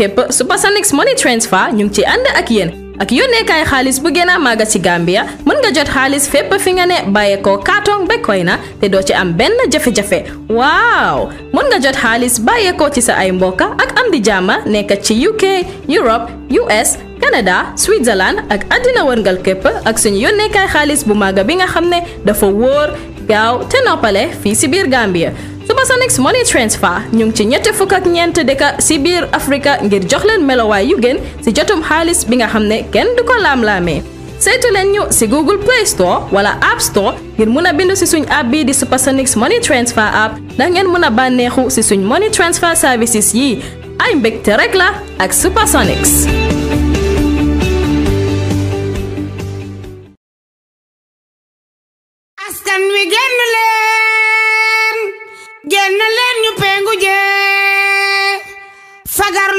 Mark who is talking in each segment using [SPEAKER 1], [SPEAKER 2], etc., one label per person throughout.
[SPEAKER 1] képp next Money Transfer ñu ci and ak yéen ak kay xaliss bu gene ci Gambia mën nga jot xaliss fépp fi nga ne baye ko carton be na te do ci am ben jafe-jafe wow mën nga jot baye ko ci sa ay mboka ak am di jama nek ci UK Europe US Canada Switzerland ak adina wërngal kep ak suñu kay xaliss bu màgg bi nga xamne dafa wóor gaaw te noppale fi ci bir Gambia Supersonics Money Transfer ñu ci ñetti fuk ak ñeent dëkk ci biir Afrika ngir jox leen melowaay yu gën ci jottum xaaliss bi nga xamne kenn du ko laam saytu leen ñu ci Google Play Store wala App Store ngir mëna a bindu si suñ app bi di Supersonics Money Transfer app da ngeen mëna a ci suñ money transfer services yi ay mbégte rek la ak Supersonics.
[SPEAKER 2] askan wi génn génn leen ñu pengu jee fagar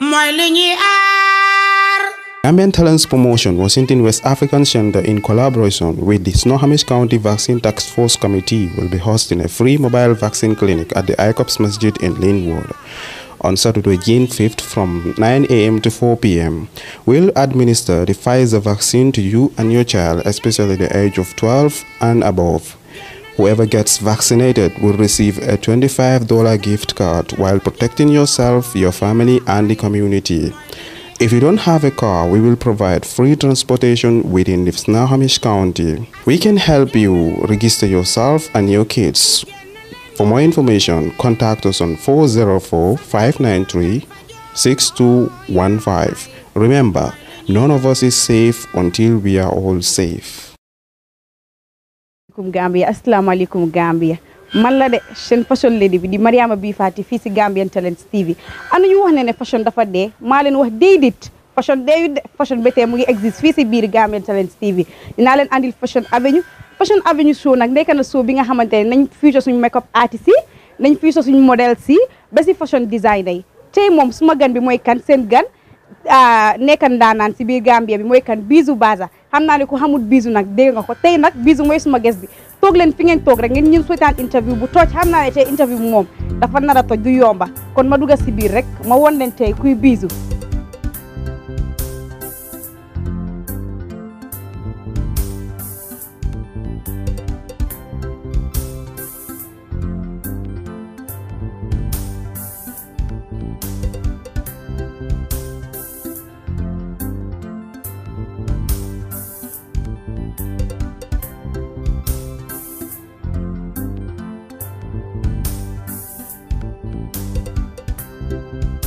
[SPEAKER 2] mooy li aar.
[SPEAKER 3] Gambian Talents Promotion was in West African Center in collaboration with the Snohomish County Vaccine Task Force Committee will be hosting a free mobile vaccine clinic at the ICOPS Masjid in Linwood. on Saturday, June 5th from 9 a.m. to 4 p.m. We'll administer the Pfizer vaccine to you and your child, especially the age of 12 and above. Whoever gets vaccinated will receive a $25 gift card while protecting yourself, your family, and the community. If you don't have a car, we will provide free transportation within the Snohomish County. We can help you register yourself and your kids. For more information, contact us on 404 593 6215. Remember, none of us is safe until we are all safe.
[SPEAKER 4] Gambia, Assalamu alaikum Gambia. man la de seen fashion lady bi di Mariama bi Faty fii si Gambian Talents TV anu ñu wax ne fashion dafa dee maa leen wax déedéet fashion deeyu de fashion ba tey mu ngi existe fii si biir Gambian Talents TV dinaa leen andil fashion avenue Fashion Avenue show nag nekk na show bi nga xamante ne nañ future suñu make up artist yi nañ future suñu modèle si ba si fashion designer yi tey moom suma gan bi mooy kan seen gan ah, nekkan daanaan si biir Gambia bi mooy kan Bijou Baza xam naa ne ku xamul Bijou nag dégg nga ko tey nag Bijou mooy suma ges bi toog leen fi ngeen toog rek ngeen ñun seetaan interview bu tooj xam naa ne interview bu moom dafa nar a toj du yomba kon ma dugg si biir rek ma won leen tey kuy Bijou Música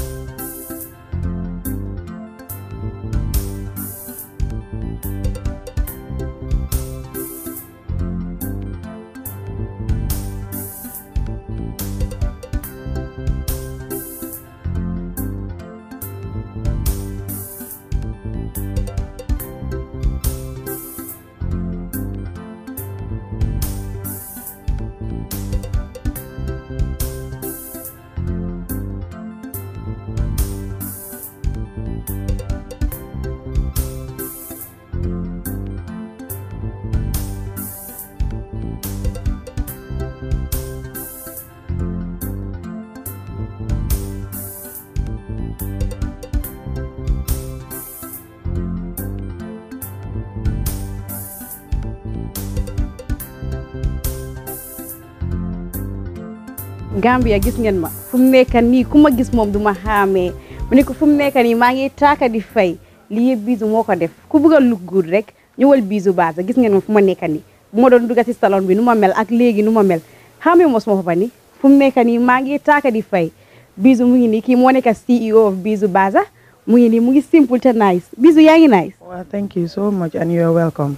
[SPEAKER 4] Gambia gis ngeen ma fu mu nekk nii ku ma gis moom du ma xaamee mu ne ko fu mu nekk nii maa ngi taaka di fay lii yëpp moo ko def ku bëgg a look good rek ñëwal biisu baasa gis ngeen ma fu ma nekk nii bu ma doon dugg si salon bi nu ma mel ak léegi nu ma mel xaamee mos ma fa ni fu mu nekk nii maa ngi taaka di fay biisu mu ngi ni kii moo nekk CEO of biisu baasa ah. mu ngi nii mu ngi simple te nice
[SPEAKER 5] biisu yaa ngi nice. waaw thank you so much and you are welcome.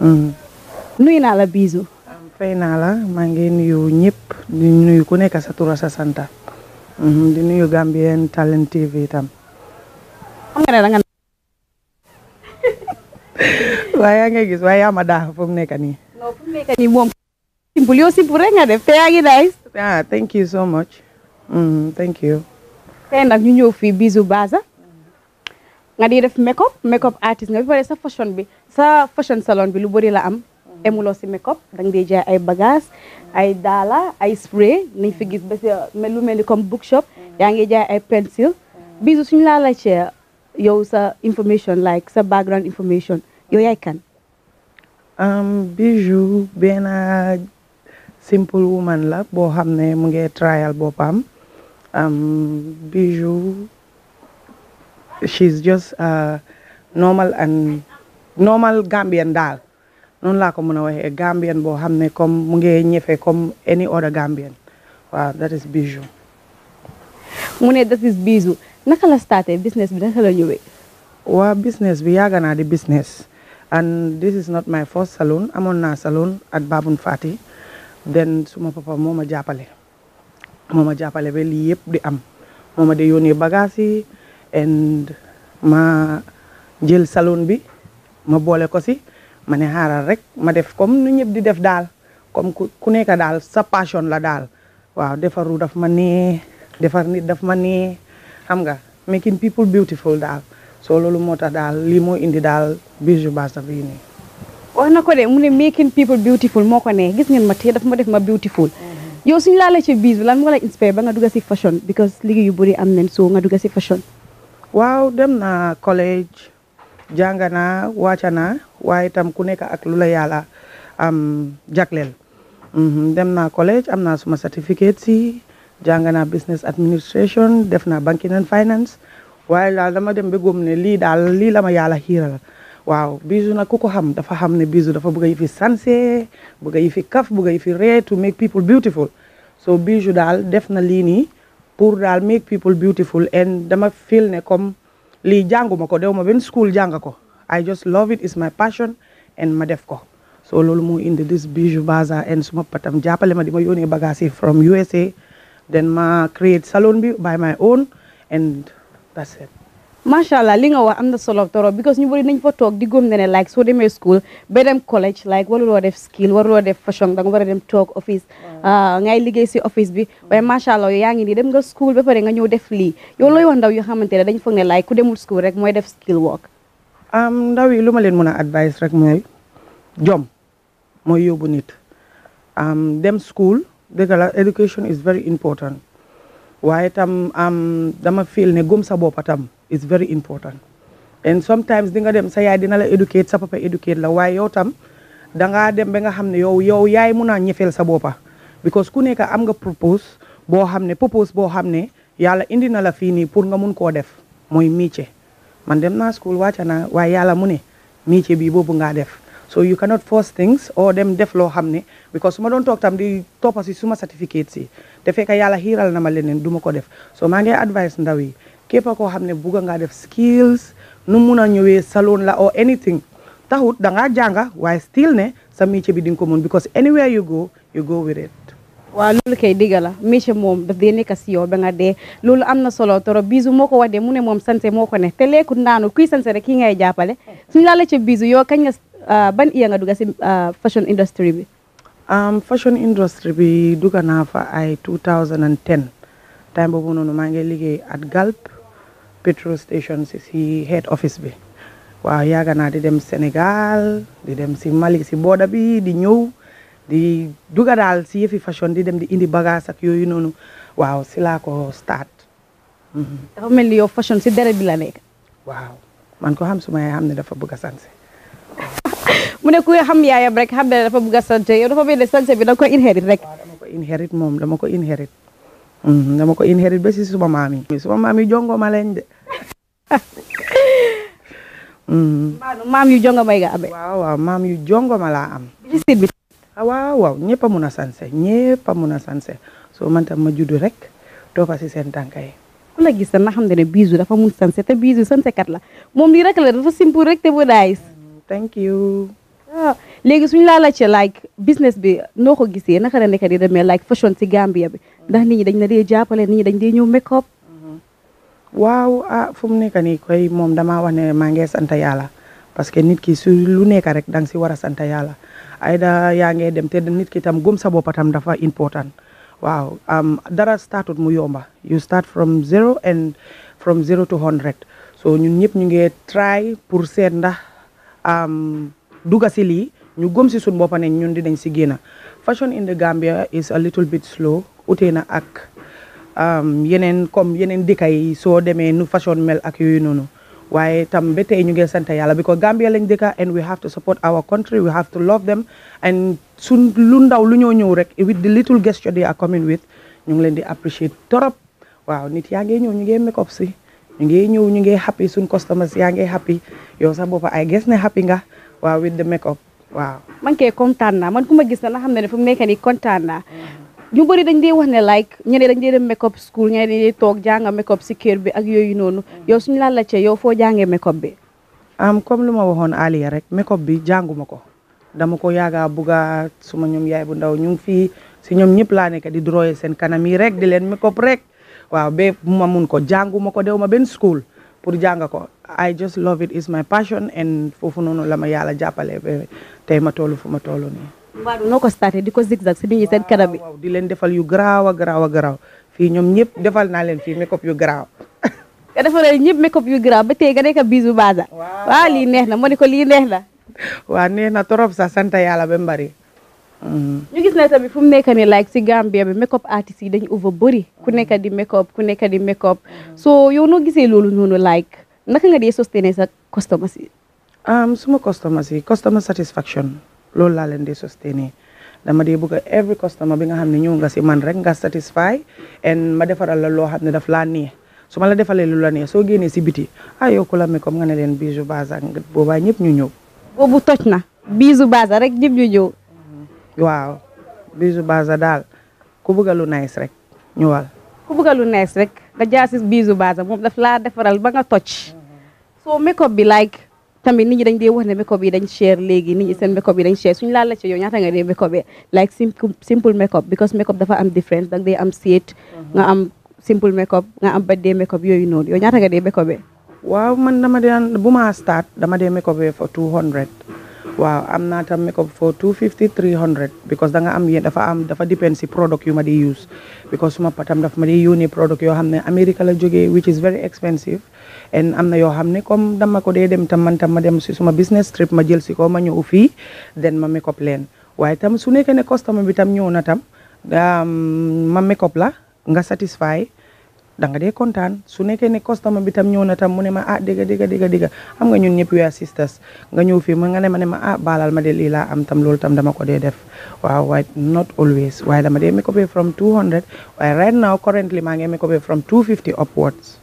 [SPEAKER 5] Mm. nuyu la biisu. fay naa la maa ngi nuyu ñëpp di nuyu ku nekk sa tura sa santa mhm, di nuyu Gambien Talent TV tam. xam nga ne da nga waaye nga gis waaye mada, daa fu mu nekk nii
[SPEAKER 6] non fu mu nekk nii
[SPEAKER 5] moom simple yow simple rek nga def te yaa ngi nice ah thank you so much mm, thank you
[SPEAKER 4] tey nag ñu ñëw fii bisu baza nga di def make up make up artist nga bi pare sa fashion bi sa fashion salon bi lu bëri la am emulo ci make up da jay ay bagage ay dala ay spray ni fi gis ba melu melni comme bookshop ya ngi jay ay pencil bisu suñ la la ci yow sa information like sa background information yow yay kan
[SPEAKER 5] um, bijou benn simple woman la bo xamne mu ngi trial bopam um, bijou she's just uh, normal and normal Gambian dal noonu laa ko mën a waxee Gambien boo xam ne comme mu ngi ñëfe comme any other Gambien waaw that is Bijou. mu ne that is Bijou naka la starté business bi na la ñëwee. waa business bi yàgg naa di business and this is not my first salon amoon naa saloon at Babun faati then suma papa moo ma jàppale moo ma jàppale ba lii yëpp di am moo ma di yónnee bagages and ma jël salon bi ma boole ko si. ma ne xaaral rek ma def comme nu ñëpp di def daal comme ku nekk daal sa passion la daal waaw defaru daf ma nee defar nit daf ma nee xam nga making people beautiful daal soo loolu moo tax daal lii moo indi daal Bijou Barça bii nii.
[SPEAKER 4] wax na ko de mu ne making people beautiful moo ko nee gis ngeen ma tey daf ma def ma beautiful. Mm-hmm. yow suñu laalee ci Bijou lan moo la inspire ba nga
[SPEAKER 5] dugg si fashion because liggéey yu bëri am nañ soo nga dugg si fashion. waaw dem na jàng naa wàcc naa waaye itam ku nekk ak lu la yàlla am jagleel mhm, dem naa collège am naa suma certificate si jàng naa business administration def naa banking and finance waaye daal dama dem ba góom ne lii daal lii la ma yàlla xiiral waaw bisu na ku ko xam dafa xam ne bisu dafa bëgg a yëfi sanse bëgg a yëfi kaf bëgg a yëfi ree to make people beautiful so bisu daal def na lii nii pour daal make people beautiful and dama fil ne kom lii jànguma ko de ma benn school jàng ko I just love it it's my passion and ma def ko so loolu moo indi this bijou baza and suma patam jàppale ma di ma yónnee bagage yi from USA then ma create salon bi by my own and that's it.
[SPEAKER 4] macha allah li nga wax am na solo toro because ñu bëri nañ fa toog di góom ne like soo demee school ba dem college like waruloo def skill waruloo def fashion danga wa a dem toog office Ah, ngay liggéey si office bi mm. waaye macha allah yaa ngi nii dem nga school ba pare nga ñëw def lii yow looy wa ndaw yoo xamante ne dañ foog ne laay ku demul school rek mooy def skill
[SPEAKER 5] work. ndaw yi lu ma leen mën a advice rek mooy jom mooy yóbbu nit dem school dëgg la education is waaye tam dama feel ne gëm sa bopp tam is very important and sometimes di nga dem sa yaay dina la educate sa papa educate la waaye yow tam da ngaa dem ba nga xam ne yow yow yaay mun a ñëfeel sa boppa because ku nekk am nga propose boo xam ne propose boo xam ne yàlla indi na la fii nii pour nga mun koo def mooy métier man dem naa school wàcca naa waaye yàlla mu ne métier bi boobu ngaa def so you cannot force things or dem def loo xam ne because su ma doon toog tam di toppa si suma certificate si te fekk yàlla xiiral na ma leneen du ma ko def so maa ngi advice ndaw yi képp koo xam ne bugg ngaa def skills nu mun a ñëwee salon la or anything taxut da ngaa jànga waaye still ne sa métier bi di nga ko mun because anywhere you go you
[SPEAKER 4] waaw loolu kay dëgg la moom daf dee nekk si yow nga dee loolu am na solo trop bisu moo ko wax dee mu ne moom sanse moo ko ne te leeku ndaanu kuy sanse rek kii ngay jàppale suñu laa la ca yoo yow ah, ban iya nga dugg si ah, fashion industry
[SPEAKER 5] bi fashion industry bi dugg naa fa ay 2010 time boobu noonu maa ngi liggéey at Galp petrol station si si head office bi waaw yaaga naa di dem Sénégal di dem si Mali si booda bi di ñëw di duga daal si yëfi fashion di dem di indi bagage yooyu noonu waaw si laa ko start. Mm-hmm.
[SPEAKER 4] dafa mel ni yow fashion si deret bi la
[SPEAKER 5] waaw xam suma yaay ne dafa bëgg a sanse.
[SPEAKER 4] mu xam yaayam rek dafa bëgg a dafa mel ni sanse bi da ko inherit rek.
[SPEAKER 5] waaw moom dama ko inherit. Mm-hmm, ko inherit ba si suma maam ma mm-hmm. yu jongo yu jongo ma laa am. Ah, waaw waaw ñëpp a mun a sanse ñëpp a mun a sanse soo man tam ma juddu rek toppa si seen tànka yi ku la gis na xam ne ne Bijou dafa mun sanse te Bijou sanse la moom
[SPEAKER 4] lii rek la rek te bu nice thank you ah léegi suñu laa laajte like business bi noo ko gisee naka la nekk di demee like fashion si Gambia bi ndax nit ñi dañ na dee jàppale nit ñi dañ dee ñëw make up
[SPEAKER 5] waaw ah fu mu nekk ni koy moom damaa wax ne maa ngi sant yàlla parce que nit ki su lu nekk rek danga si war a sant yàlla ayda yaa ngee dem te nit ki tam gëm sa bopp tam dafa important waaw dara startut mu yomba you start from zero and from zero to hundred so ñun ñëpp ñu ngee try pour seet ndax dugga si lii ñu gëm si suñ boppa ne ñun dañ si génn fashion in the Gambia is a little bit slow utee na ak yeneen comme yeneen dëkka yi soo demee nu fashion mel ak yooyu noonu waaye tam ba tey ñu ngi sant yàlla because Gambia lañ dëkka and we have to support our country we have to love them and su lu ndaw lu ñoo ñëw rek with the little gesture they are coming with ñu ngi leen di appreciate torop waaw nit yaa ngi ñëw ñu ngi make up si ñu ngi ñëw ñu ngi happy suñ customers yaa ngi happy yow sax boppa ay gis ne happy nga waaw with the make up waaw
[SPEAKER 4] man kay kontaan naa man ku ma gis na la xam ne ne fu mu nekk nii kontaan naa mm-hmm. ñu bëri dañ dee wax ne like ñeneen dañ dee dem make up school ñeneen dee toog jànga make si kër bi ak yooyu noonu mm. yow suñu la laajte yow foo jàngee make bi.
[SPEAKER 5] am comme lu ma waxoon Aliya rek make bi jànguma ko dama ko yaaga buga suma ñoom yaay bu ndaw ñu ngi fii si ñoom ñëpp laa nekk di droye seen kanam yi rek di leen make rek waaw ba ma mun ko jànguma ko dew ma benn school pour jàng ko I just love it is my passion and foofu noonu la ma yàlla jàppale tey ma toll fu ma toll nii. waaw noo ko starté di ko zigzag si nit ñi seen kanam bi. di leen defal yu garaaw a garaaw a garaaw fii ñoom ñëpp defal naa leen fii make up yu garaaw.
[SPEAKER 4] nga defaral ñëpp make up yu garaaw ba tey nga nekk bisu baasa. waaw lii neex na ma ne ko lii neex na.
[SPEAKER 5] waaw neex na trop sax sant yàlla ba mbari mm.
[SPEAKER 4] ñu gis ne tamit fu mu nekk nii like si Gambia bi make up artistes yi dañu over bëri mm. ku nekk di make up ku mm. nekk di make up so yow noo gisee loolu noonu like naka nga dee sostener sa
[SPEAKER 5] customers yi. Um, suma customers yi customer satisfaction. loolu laa leen di soutenir dama dee bëgg every customer bi nga xam ne ñëw nga si man rek nga satisfy and ma defaral la loo xam ne daf laa nii su ma la defalee lu la nee soo génnee si biti ah yow ku la mi comme nga ne leen bijou baza boobaa ñëpp ñu ñëw. boobu toj na bijou baza rek ñëpp ñu ñëw. waaw bijou baza daal ku bëgg lu nice rek ñëwal.
[SPEAKER 4] ku bëgg lu nice rek nga jaasis bijou baasa moom daf laa defaral ba nga toj. soo make up bi like. tamit ni ñi dañ dee wax ne make up yi dañ cher léegi nit ñi seen make up yi dañ cher suñu laal la ci yow ñaata nga dee make up because make up dafa am difference danga dee am seet mhm. nga am simple make up nga am birthday make up yooyu noonu yow ñaata nga dee make up
[SPEAKER 5] waaw man dama dee bu ma start dama dee make up for 200 waaw am naa tam make up for 250 300 because da nga am yéen dafa am dafa dépend si product yu ma dee use because dafa ma dee yónnee product yoo xam ne America la jógee which is very expensive en amna yo xamne ne comme dama ko dee dem tam man tam ma dem ci suma business trip ma jël si ko ma ñu ufi den ma make up waye tam su nekkee ne customer bi tam ñëw na tam ma make up la nga satisfy da nga kontan. contane su nekkee ne customer bi tam ñëw na tam mu ne ma ah dégg dégg dégg dégg am nga ñun ñëpp yu assistance sisters nga ñëw ufi, ma nga ne ma ne ma ah balal ma de li la am tam lool tam dama ko dee def waaw way not always waye dama dee make from 200 waye right now currently ma ngi make from 250 upwards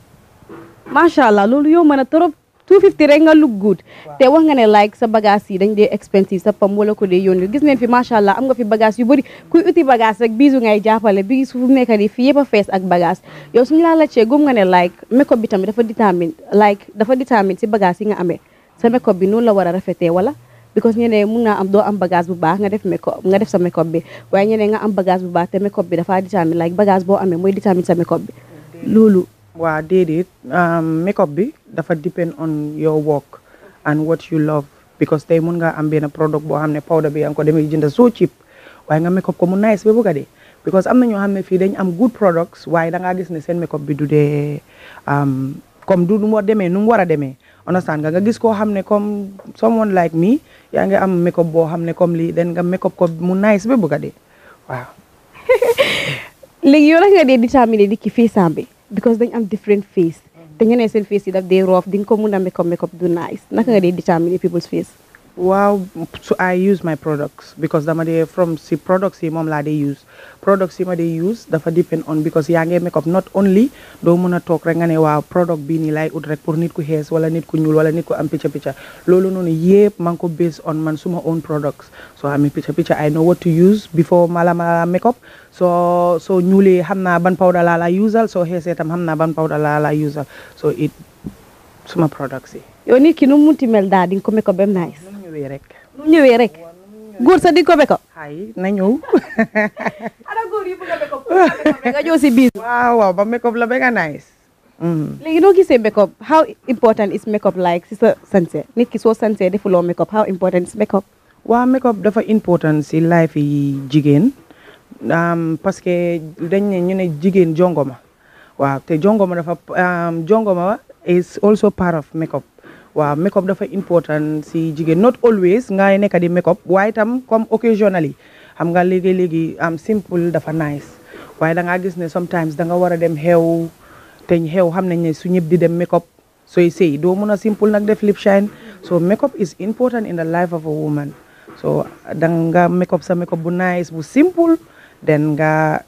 [SPEAKER 4] macha allah loolu yow mën a trop 250 rek nga look good te wax nga ne like sa bagage yi dañ dee expensive sa pam wala ko dee yónni gis neen fi macha allah am nga fi bagage yu bëri kuy uti bagage rek bisu ngay jàppale bi su nekk nii fi a fees ak bagage yow suñu laa laajtee gëm nga ne like makeup bi tamit dafa détermine like dafa détermine si bagage yi nga amee sa makeup bi noonu la war a rafetee wala because ñeneen mun naa am doo am bagage bu baax nga def makeup nga def sa makeup bi waaye ñeneen nga am bagage bu ba te makeup bi dafa détermine like bagage boo amee mooy détermine sa makeup
[SPEAKER 6] bi
[SPEAKER 5] waa déedéet um, make bi dafa depend on your work and what you love because tey mun nga am benn product boo xam ne powder bi yaa ko demee jënd soo cheap waay nga make ko mu nice ba bëgg a dee because am na ñoo xam ne fii dañ am good products waaye da ngaa gis ne seen make up bi du dee um, comme du nu mu demee nu mu war a demee understand nga nga gis koo xam ne comme someone like me yaa ngi am make boo xam ne comme lii den nga make ko mu nice ba bëgg a dee waaw.
[SPEAKER 4] because they am different face. te ñeneen seen face yi that they rough. di nga come and make up make up do nice Nothing gonna determine people's face.
[SPEAKER 5] waaw so I use my products because dama dee from si products yi moom laa dee use products yi ma dee use dafa depend on because yaa ngee make up not only doo mën a toog rek nga ne waaw product bii nii laay ut rek pour nit ku xees wala nit ku ñuul wala nit ku am picca picca loolu noonu yëpp maa ngi ko based on man suma own products so amee picca picca I know what to use before mala mala make up so so ñuulee xam naa ban powder laa laa usal so xeesee tam xam naa ban powder laa laa usal so it suma products yi. ñëwee rek.
[SPEAKER 4] nu ñëwee rek. góor sa di ko beko. na ñëw. nga ñëw si biir. waaw waaw ba makeup la ba nga nice. Mm. léegi noo gisee makeup how important is makeup like si sa
[SPEAKER 5] sanse nit ki soo sansee defuloo makeup how important is makeup. waaw makeup dafa important si life yi jigéen parce que dañ ne ne jigéen jongoma waaw te jongoma dafa jongoma is also part of makeup. waaw make dafa important si jigéen not always ngay nekk di make up waaye tam comme occasionally xam nga léegi léegi am simple dafa nice waaye da ngaa gis ne sometimes da nga war a dem xew te xew xam nañ ne su ñëpp dem make up sooy sëy doo mun a simple nag def lip shine so make is important in the life of a woman so da nga make up sa make bu nice bu simple den nga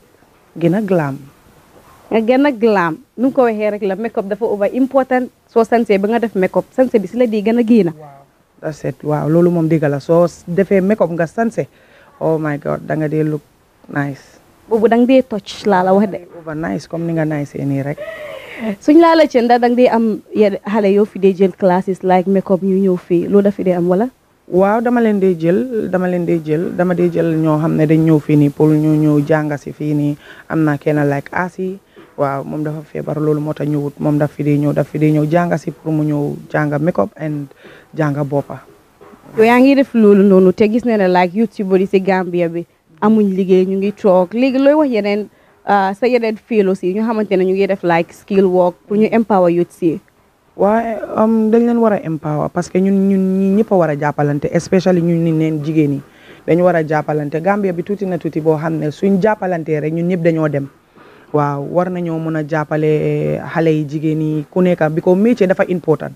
[SPEAKER 5] gën a glam nga
[SPEAKER 4] gën a glam nu ko waxee rek la make-up dafa over important soo sansee ba nga def make-up sanse bi si la di gën a génn.
[SPEAKER 5] that's it waaw loolu moom dëgg la soo defee make nga sanse oh my god da nga dee look nice.
[SPEAKER 4] boobu da nga dee touch laa la wax de. over nice comme ni
[SPEAKER 5] nga nice nii rek.
[SPEAKER 4] suñ laa la cee ndax da nga dee am yenn xale yoo fi dee jël classes like make-up ñu ñëw fii loolu dafa dee am wala.
[SPEAKER 5] waaw dama leen dee jël dama leen dee jël dama dee jël ñoo xam ne dañ ñëw fii nii pour ñu ñëw jànga si fii nii am na kenn like Asi waaw moom dafa feebar loolu moo tax ñëwut moom daf fi di ñëw daf fi di ñëw jànga si pour mu ñëw jànga make up and jànga boppa
[SPEAKER 4] yow yaa ngi def loolu noonu te gis na ne like youth si bëri si Gambia bi amuñ liggéey ñu ngi toog léegi looy wax yeneen uh, sa yeneen fiilo si ñu xamante ne ñu ngi def like skill work pour ñu empower youth si
[SPEAKER 5] waaye um, dañ leen war a empower parce que ñun ñun ñi ñëpp war a jàppalante especially ñun ni neen jigéen ñi dañu war a jàppalante Gambia bi tuuti na tuuti boo xam ne suñ jàppalantee rek ñun ñëpp dañoo dem waaw war nañoo mën a jàppale eh, xale yi jigéen yi ku nekk because métier dafa important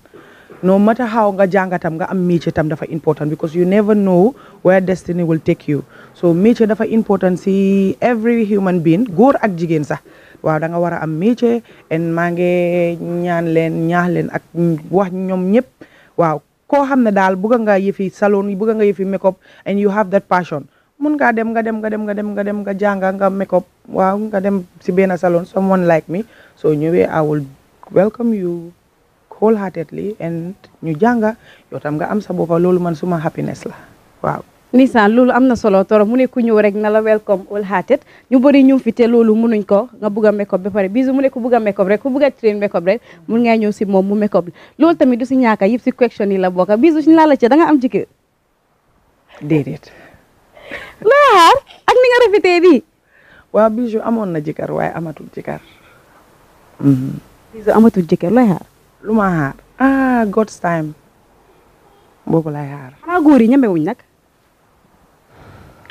[SPEAKER 5] no matter how nga jàng tam nga am métier tam dafa important because you never know where destiny will take you so métier dafa important si every human being góor ak jigéen sax waaw danga nga war a am métier and maa ngi ñaan leen ñaax leen ak wax ñoom ñëpp waaw koo xam ne daal bëgg nga yëfi salon bëgg nga yëfi make up and you have that passion mun ngaa dem nga dem nga dem nga dem nga dem nga jàng nga make waaw nga dem si benn salon someone like me soo ñëwee I will welcome you wholeheartedly and ñu jànga yow tam nga am sa boppa loolu man suma happiness la waaw
[SPEAKER 4] ndeysaan loolu am na solo torop mu nekku ñëw rek na la welcome all hearted ñu bëri ñu fi te loolu mënuñ ko nga bugg a make up ba pare bisu mu ne ku bugg a make rek ku bugg a train make up rek mun ñëw si moom mu make up loolu tamit du si ñaaka yëpp si question yi la bokk bisu suñu laa la ci nga am jëkkër
[SPEAKER 5] déedéet waaw Bijou amoon na jëkkër waaye amatul jëkkër. Mhm. Bijou amatul jëkkër lu ma xaar ah God's time boobu lay xaar.
[SPEAKER 4] xanaa góor yi ñeme wuñ nag.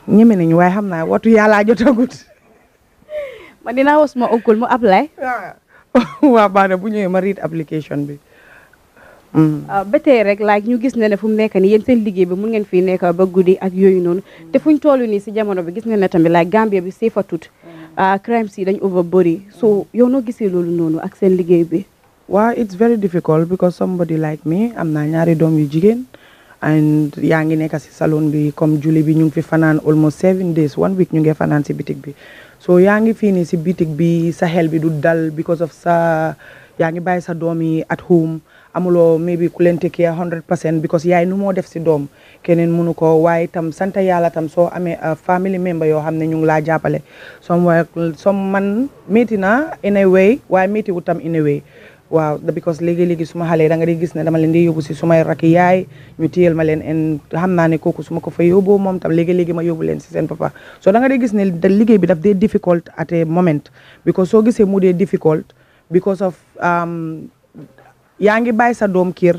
[SPEAKER 5] ñeme nañu waaye xam naa watu yàlla jotagut.
[SPEAKER 4] man dinaa woo suma oncle mu apply.
[SPEAKER 5] waaw waaw bu ñëwee ma read application bi. Ah,
[SPEAKER 4] ba tey rek like ñu gis ne ne fu mu nekk nii yéen seen liggéey bi mun ngeen fii nekk ba guddi ak yooyu noonu te fuñ toll ni si jamono bi gis ngeen ne tamit like Gambia bi safatut ah, crimes yi dañ over bëri so yow
[SPEAKER 5] gisee loolu noonu ak seen liggéey bi waaw it's very difficult because somebody like me am naa ñaari doom yu jigéen and yaa ngi nekk si salon bi comme juli bi ñu ngi fi fanaan almost seven days one week ñu ngi fanaan si bitig bi so yaa ngi fii nii si bitig bi sa xel bi du dal because of sa yaa ngi bàyyi sa doom yi at home amuloo maybe ku leen take care hundred percent because yaay nu moo def si doom keneen mënu ko waaye tam sant yàlla tam soo amee uh, family member yoo xam ne ñu ngi laa jàppale som wa som man métti na in a way waaye métti wu tam in a way waaw because léegi-léegi suma xale da nga di gis ne dama leen di yóbbu si sumay rakk yaay ñu téyel leen en xam naa ne kooku su ko fa yóbboo moom tam léegi-léegi ma yóbbu leen si seen papa so da nga gis ne liggéey bi daf dee difficult at a moment because soo gisee mu dee difficult because of um, yaa ngi bàyyi sa doom kër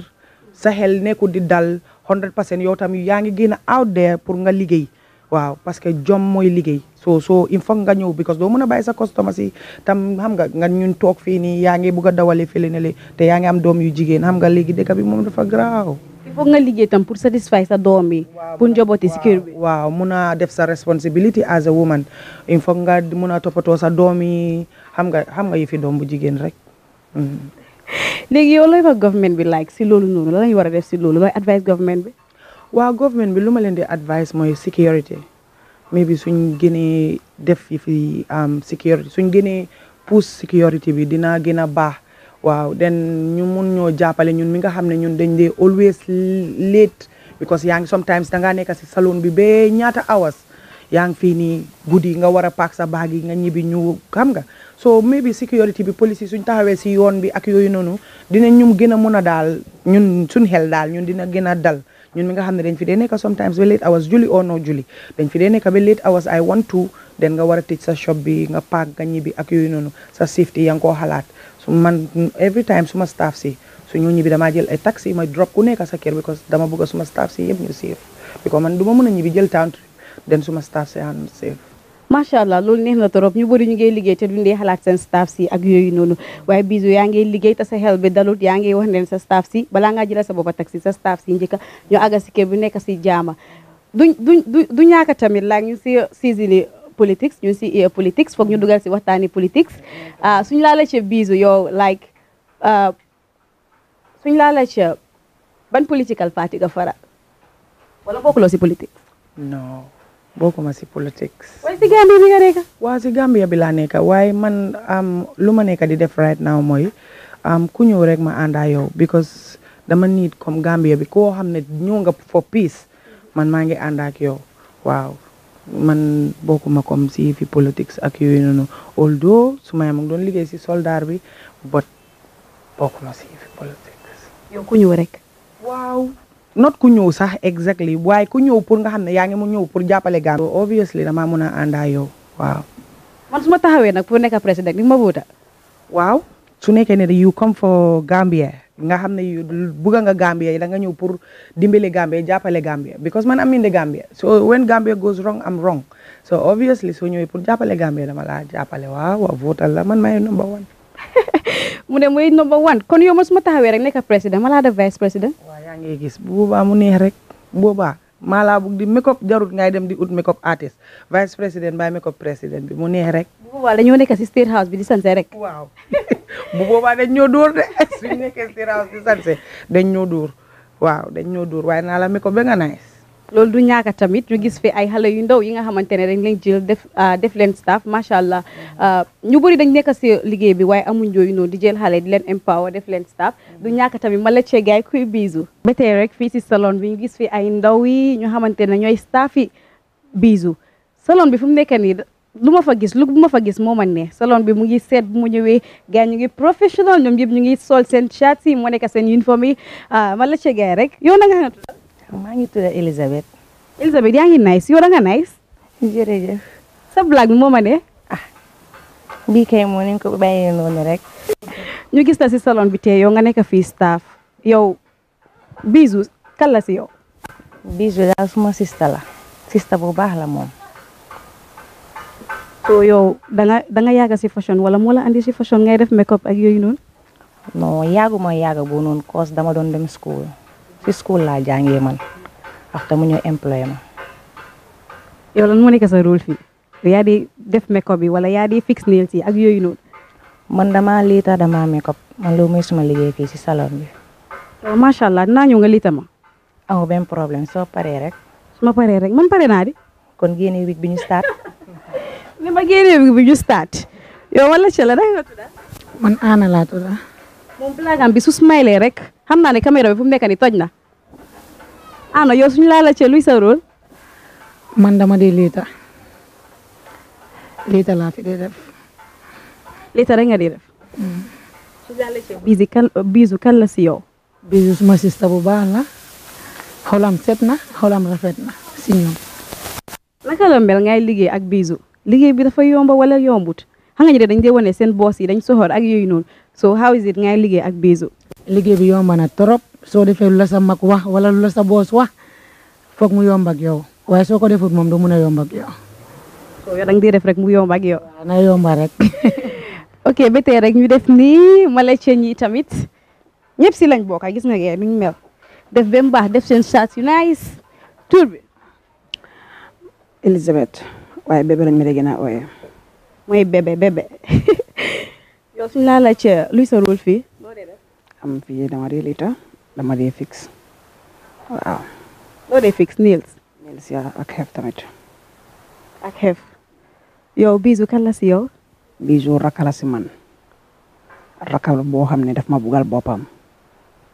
[SPEAKER 5] sa xel nekkul di dal 100% yow tam yaa ngi génn out there pour nga liggéey waaw parce que jom mooy liggéey soo so il faut nga ñëw because doo mën a bàyyi sa customer si tam xam nga nga ñun toog fii nii yaa ngi bugg a dawale fële ne le te yaa ngi am doom yu jigéen xam nga léegi dëkk bi moom dafa garaaw. il liggéey tam pour satisfy sa doom yi. pour njabooti si kër bi. waaw mun a def sa responsibility as a woman il faut nga mun a toppatoo sa doom yi xam nga xam nga doom bu jigéen rek. Mm-hmm. léegi yow looy wax government bi like si loolu noonu la lañu war a def si loolu looy advice government bi. waa government bi lu ma leen di advice mooy security mais bi suñ gënee def yi fi am um, security suñ gënee pousse security bi dina gën a baax waaw den ñu mun ñoo jàppale ñun mi nga xam ne ñun dañ dee always late because yaa ngi sometimes da ngaa nekk si salon bi ba ñaata hours yaa ngi fii nii guddi nga war a paak sa baag yi nga ñibbi ñu xam nga. so maybe sécurité bi police yi suñ taxawee si yoon bi ak yooyu noonu dina ñum gën a mun a daal ñun suñ xel daal ñun dina gën a dal ñun mi nga xam ne dañ fi dee nekk sometimes ba late hours julli or no julli dañ fi dee nekk ba late hours ay want to den nga war a tëj sa shop bi nga paak nga ñibbi ak yooyu noonu sa safety yaa ngi koo xalaat su man every time suma staff si suñu ñibbi damaa jël ay taxi ma drop ku nekk sa kër because dama bëgg suma staff si yëpp ñu safe man du ma mën a ñibbi jël temps den suma staff si and safe
[SPEAKER 4] macha allah loolu neex na trop ñu bëri ñu ngay liggéey te duñ dee xalaat seen staff si ak yooyu noonu waaye bisu yaa ngi liggéey te sa xel bi dalut yaa ngi wax leen sa staff si balaa ngaa jëlal sa boppa taxi sa staff si njëkka ñu aga si kër bi nekk si jaama duñ duñ tamit laa ñu si sisili politics ñu si eh, politics foog ñu dugal si waxtaani politics ah, suñ laa la ci bisu yow like ah, suñ laa la ban political party nga fara wala
[SPEAKER 5] bokkuloo si politique bokkuma si politics. waaye si Gambia bi nga nekk. waaw si Gambia bi laa nekk waaye man lu ma nekk di def right now mooy ku ñëw rek ma àndaa yow because dama niit comme Gambia bi koo xam ne ñëw nga for peace man maa ngi ànd ak yow waaw man bokkuma comme si fi politics ak yooyu noonu although su ma doon liggéey si soldaar bi but
[SPEAKER 7] bokkuma si fi politics. yow ku ñëw
[SPEAKER 5] rek. not ku ñëw sax exactly waaye ku ñëw pour nga xam ne yaa ngi mu ñëw pour jàppale gaan obviously damaa mun a àndaa yow waaw
[SPEAKER 4] man su ma taxawee nag pour nekk président di ma voota
[SPEAKER 5] waaw su nekkee ne you come for Gambia nga xam ne bugga nga Gambia da ñëw pour dimbale Gambia jàppale Gambia because man am in the Gambia so when Gambia goes wrong I'm wrong so obviously soo ñëwee pour jàppale Gambia dama laa jàppale waaw waaw votal la man maay number one mu ne
[SPEAKER 4] mooy number one kon yow man su ma taxawee rek nekk président ma laa def vice président. waaw
[SPEAKER 5] yaa ngi gis bu boobaa mu neex rek boobaa maa laa bugg di make up jarut ngay dem di ut make up artist vice président ba make up président bi mu neex rek.
[SPEAKER 4] bu boobaa dañoo nekk si state house bi di sanse rek.
[SPEAKER 5] waaw bu boobaa dañ ñoo dóor de suñu nekkee state house di sanse dañ ñëw dóor waaw dañ ñëw dóor waaye naa la make up ba nga nice loolu du ñaaka tamit ñu gis fi ay xale yu ndaw yi nga
[SPEAKER 4] xamante ne dañ leen jël def ah, def leen staff macha allah ah, ñu bëri dañ nekk si liggéey bi waaye amuñ yooyu noonu di jël xale di leen empower def leen staff du ñaaka tamit ma la cee gaay kuy biisu ba tey rek fii si salon bi ñu gis fi ay ndaw yi ñu xamante ne ñooy staff yi biisu salon bi fu mu nekk nii lu ma fa gis lu ma fa gis moo ma ne salon bi mu ngi seet bu mu ñëwee gars ñu ngi professionnel ñoom yëpp ñu ngi sol seen chat yi moo nekk seen uniforme yi ah, ma la cee rek yow na maa ngi tudd Elisabeth. Elisabeth yaa ngi nice yow da nga nice. jërëjëf. sa blague bi moo ma ne. ah bii kay moo nañ ko bàyyee noonu rek. ñu gis la si salon bi tey yow nga nekk fii staff yow Bijou kan la si yow. Bijou daal suma sista la sista bu baax la moom. so yow da nga da nga yàgg si fashion wala moo la andi si fashion ngay def make up ak yooyu noonu.
[SPEAKER 5] non yàgguma yàgg boo noonu cause dama doon dem school. fi school la jangé man après mu ñu employé ma yow lan mo
[SPEAKER 4] nek sa rôle fi ya di def makeup bi wala ya di fix nails yi ak yoyu non man
[SPEAKER 5] dama liita dama makeup man loolu muy suma liggéey fi si salon bi
[SPEAKER 4] so sha allah dinaa nga liita ma amu problème so paré rek suma paré rek man pare na di kon génne wig bi ñu start ni ma génne wig bi start yow wala ci la day nga man ana la tuda mom blagam bi su smile rek xam naa ne caméra bi fu mu nekk nii toj na ana yow suñu laala la cee luy sa rôle man dama di liita liita laa fi di def liita rek nga di def mm. suñu laa
[SPEAKER 6] kan bisu kan la si yow bisu suma sista bu baax la xolam set na xolam rafet na si ñoom
[SPEAKER 4] naka la mel ngay liggéey ak bisu liggéey bi dafa yomba wala yombut xam nga ñu de dañ dee wane seen boss yi dañ soxor ak yooyu noonu so how is it ngay liggéey ak Bijou.
[SPEAKER 7] liggéey bi yomba na trop so defee lu la sa mag wax wala lu la sa boos wax foog mu yomb ak yow waaye soo ko defut moom du mun a yomb ak yow. so yow da nga def rek mu yomb ak na yomba rek. ok ba tey rek
[SPEAKER 4] ñu def nii malaysia ñi tamit ñëpp si lañ bokk gis nga gee nuñ mel def ba baax def seen charge yu nice tur bi. Elizabeth waaye bébé lañ ma gën a ooyee. mooy bébé bébé. yow suñu laa laajte luy sa rôle fii. am fii dama dee lita dama dee fixe waaw.
[SPEAKER 7] loo bisu kan la si yow. bisu rakala si man rakal boo xam ne daf ma bugal boppam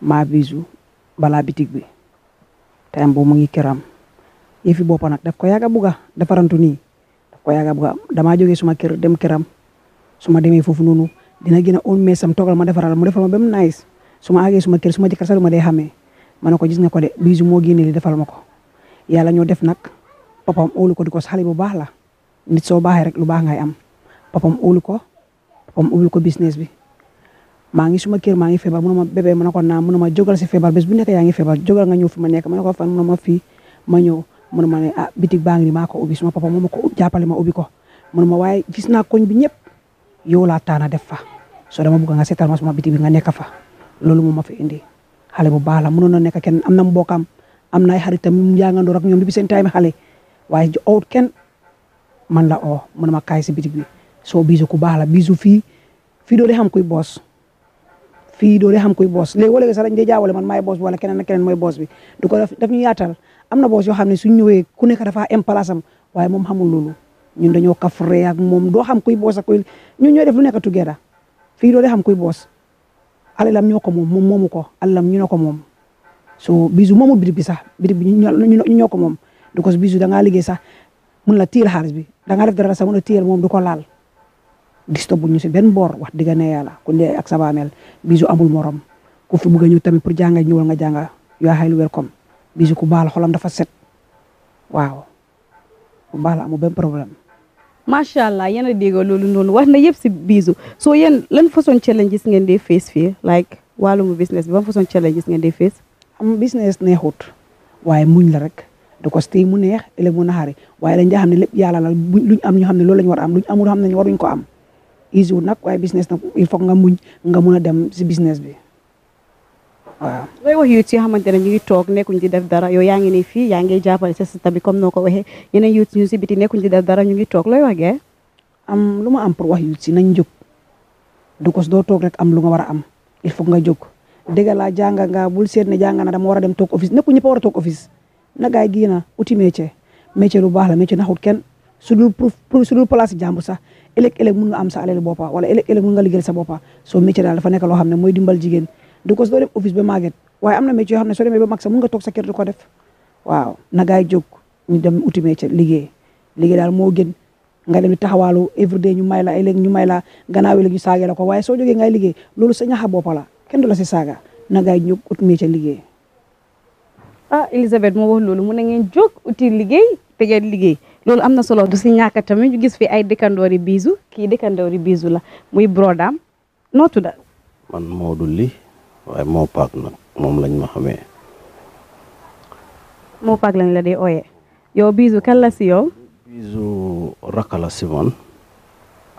[SPEAKER 7] ma bisu balaa bitig bi time boobu mu ngi këram fi bopp nag daf ko yàgg a buga dafarantu nii daf ko yàgg buga damaa jógee suma kër dem këram suma demee foofu noonu dina gina un mais sam toogal ma defaral mu defal ma ba nice Suma ma suma ker ma kër su ma jëkkër sax ma ma ko gis nga ko de bisu mo gine li defal mako. yalla yàlla ñoo def nak. papam óolu ko diko xali bu baax la nit so baaxee rek lu baax ngay am papam óolu ko papam ubbil ko business bi ma ngi suma kër ma ngi febar munuma bébé mu na ko munuma jogal si febar bes bu nek ya ngi febar jogal nga ñëw fi ma nek ma ko fan munuma fi. ma ñëw munuma ne ah bitik baangi ngi ubi suma papa mako ma ma ubi ko munuma way gis na koñ bi ñëpp yow laa taana def fa soo dama bëgg nga seetal ma suma biti bi nga nekk fa loolu moo ma fi indi xale bu baax la mënoon na nekk kenn am na mbokkam am na ay xaritam ñu jàngandoo ak ñoom depuis seen time xale waaye owut kenn man la oo mën ma kaay si bitig bi soo bisu ku baax la bisu fii fii doo de xam kuy boos fii doo de xam kuy boos léegi wala sax dañ dee jaawale man maay boos bi wala keneen ak keneen mooy boos bi ko daf ñu yaatal am na boos yoo xam ne suñ ñëwee ku nekk dafa am place waaye moom xamul loolu ñun dañoo kafre ak moom doo xam kuy boos ak kuy ñun ñooy def lu nekk together fi doo de xam kuy boos alalam ñoo ko moom moom moomu ko alalam ñu ne ko moom so bisu momu birib bi sax birib bi ñu ñoo ko moom ko bisu da ngaa liggéey sax mun la tiil xaalis bi da ngaa def dara sax mun la tiil moom du ko laal to buñu ci ben bor wax diga ne yalla ku ndee ak sabamel bisu amul morom ku fi bëgg ñu ñëw tamit pour ñu ñëwal nga jànga you are highly welcome bisu ku baal xolam dafa set waaw ku baal amu ben problème
[SPEAKER 4] macha allah yéen a dégg loolu noonu wax na yëpp si biisu soo yéen lan façon challenges ngeen dee face fii like wàllum business bi ban façon challenges ngeen dee face. am
[SPEAKER 7] business neexut waaye muñ la rek da ko stay mu neex ëllëg mu naxari waaye dañ daa xam ne lépp yàlla la luñ am ñu xam ne lool lañ war am luñ amul xam ne waruñ ko am easy wut nag waaye business nag il faut nga muñ nga mun a dem si business bi.
[SPEAKER 4] waaw looy wax youth yi xamante ne ñu ngi toog nekkuñ di def dara yooy yaa ngi ne fii yaa ngi jàppale sa sista bi comme noo ko waxee yeneen youth ñu si biti nekkuñ di def dara ñu toog looy wax
[SPEAKER 7] gee am lu ma am pour wax youth si nañ jog du ko doo toog rek am lu nga war a am il faut nga jóg dëgg laa jànga nga bul seet ne jànga na dama war a dem toog office nekku ñëpp war a toog office na gaay gii na uti métier lu baax la métier naxut kenn su dul pour su dul place jàmbur sax ëllëg ëllëg mun nga am sa alal boppa wala ëllëg ëllëg nekk loo xam ne mooy jigéen du ko soo dem office ba màgget waaye am na métier yoo xam ne soo demee ba mag sax mun nga toog sa kër di ko def waaw nagaay jóg ñu dem uti métier liggéey liggéey daal moo gën nga dem di ñu may la ay léegi ñu may la gannaaw léegi ñu la ko waaye soo jógee ngay liggéey loolu sa ñaxa bopp la kenn du si saaga nagaay jóg ut métier liggéey.
[SPEAKER 4] ah Elisabeth moo wax loolu mu na ngeen jóg uti liggéey te liggéey. loolu am na solo du si ñàkk tamit ñu gis fi ay dëkkandoori biisu kii dëkkandoori biisu la muy Brodam noo tudda
[SPEAKER 8] man Modou Ly waaye mo pak nak mom lañ ma xamé
[SPEAKER 4] mo pak lañ la dee oyé yo biisu kan la si yo
[SPEAKER 8] biisu rakka la si man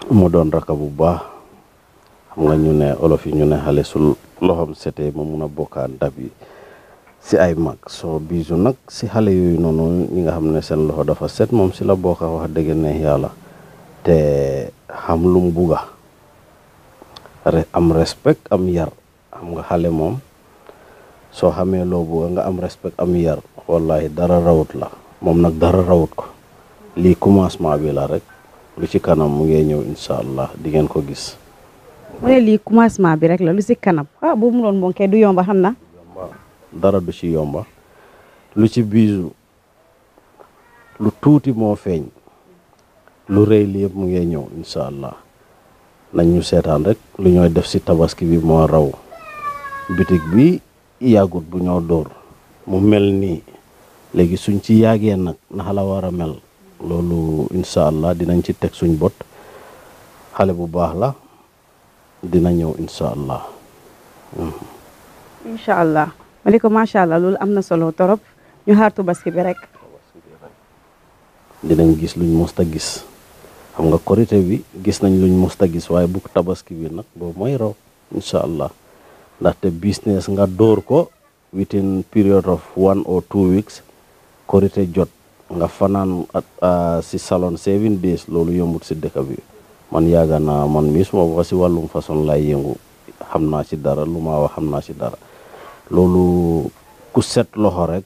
[SPEAKER 8] mu rakka bu ba xam nga ñu né olof yi ñu né xale sul loxom sété mo mëna a ndab yi si ay mag soo biisu nag si xale yooyu noonu ñi nga xamné sen loxo dafa set mom si la bokka wax dëgg né yalla té xam mu buga am respect am yar xam nga xale moom soo xamee loo bëgg nga am respect am yar wallahi dara rawut la moom nag dara rawut ko lii commencement bi la rek lu ci kanam mu ngi ñëw incha allah di ngeen ko gis
[SPEAKER 4] mu ne lii commencement bi rek la lu ci kanam ah boobu mu doon bonkee du yomba xam na
[SPEAKER 8] dara du ci yomba lu ci biisu lu tuuti moo feeñ lu rëy lii mu ngi ñëw incha allah nañ ñu seetaan rek lu ñooy def ci tabaski bi moo raw bitig bi yàggut bu ñoo dóor mu mel nii léegi suñ ci yàggee nag naxa la war a mel loolu incha allah dinañ ci teg suñ bot xale bu baax la dina ñëw incha allah. Hmm.
[SPEAKER 4] incha allah ma ne ko macha allah loolu am na solo torop ñu xaar tabaski bi rek.
[SPEAKER 8] dinañ gis luñ mosta gis xam nga korité bi gis nañ luñ mosta gis waaye bu tabaski bi nag boobu mooy raw incha allah. ndaxte business nga dóor ko within period of one or two weeks korite jot nga fanaan ah, si salon seven days loolu yombut si dëkk bi man yaaga naa man mii suma boo si wàllum façon lay yëngu xam naa ci dara lu ma xam naa si dara loolu ku set loxo rek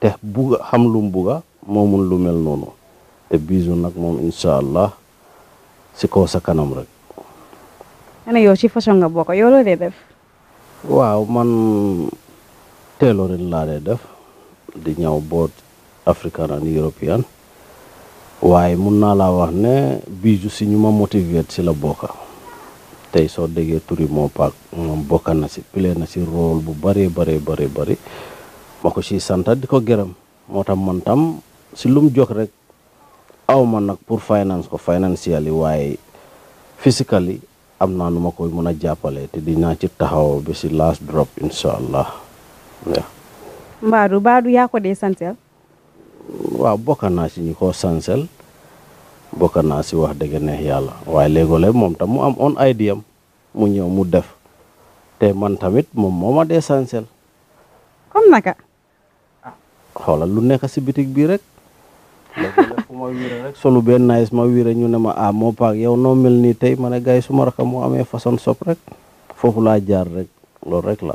[SPEAKER 8] te bugga xam lum bugga moomul lu mel noonu te bisu nag moom incha allah si kaw sa kanam rek. waaw man tailoring laa dee def di ñëw boot african and european waaye mun naa laa wax ne biiju si ñu ma motiver si la bokka tey soo déggee na si pile na si rôle bu Bari, Bari, bëri bëri ma ko si santa di ko gërëm moo tax man tam si aw ma nag finance ko financially waaye physically am naa nu ma koy mën a jàppale te dinaa ci taxaw ba si last drop incha allah.
[SPEAKER 4] Mbadou Mbadou yaa ko dee sansel.
[SPEAKER 8] waaw bokk naa si ñu ko sansel bokk naa si wax dëgg neex yàlla waaye léegoo moom tam mu am on idée am mu ñëw mu def te man tamit moom moo ma dee sansel. comme naka. Ah, xoolal lu nekk si bitig bi rek. ma wiire rek solu benn nice ma wiire ñu ne ma ah moo paak yow noo mel nii tey ma ne gars yi su ma raka moo amee façon sop rek foofu laa jaar rek loolu rek la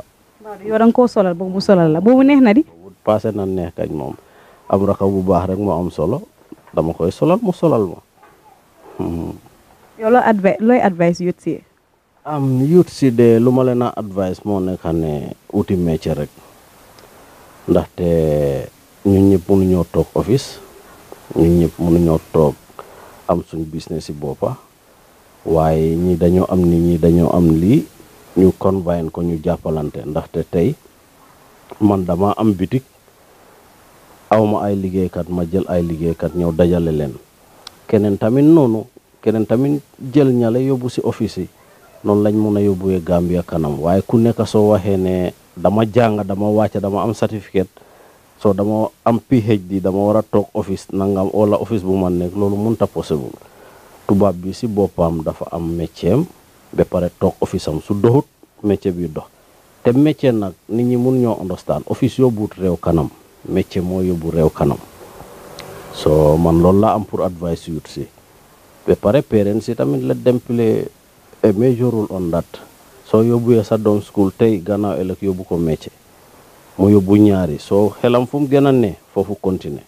[SPEAKER 4] yow da nga koo solal boobu mu solal la boobu neex na di
[SPEAKER 8] passé na neex kañ moom am raka bu baax rek moo am solo dama koy solal mu solal ma hmm.
[SPEAKER 4] yow loo advice looy advice yut si
[SPEAKER 8] am yut si de lu ma leen a advice moo nekk ne uti métier rek ndaxte ñu ñëpp mënuñoo toog office ñun ñëpp ñoo tok am suñu business ci bopa waye ñi dañoo am ni ñi dañoo am li ñu convaincre ko ñu ndax ndaxte tay man dama am bitik awma ay kat ma jël ay kat ñew dajale leen kenen tamit nonu kenen tamit jël ñale yobu ci office non lañ mëna a Gambia kanam waye ku nekk so waxé ne dama jang dama wacc dama am certificate so dama am PhD dama war a toog office nangam wala office bu man nekk loolu mënut a possible tubaab bi si boppam dafa am métier am ba pare toog office am su doxut métier bi dox te métier nag nit ñi mun ñoo understand office yóbbuut réew kanam métier moo yóbbu réew kanam soo man loolu laa am pour advice youth si ba pare si tamit la dem play a on that soo yóbbuwee sa doom school tey gannaaw ëllëg yóbbu ko métier. mo yobbu ñaari so xelam fu mu ne fofu continue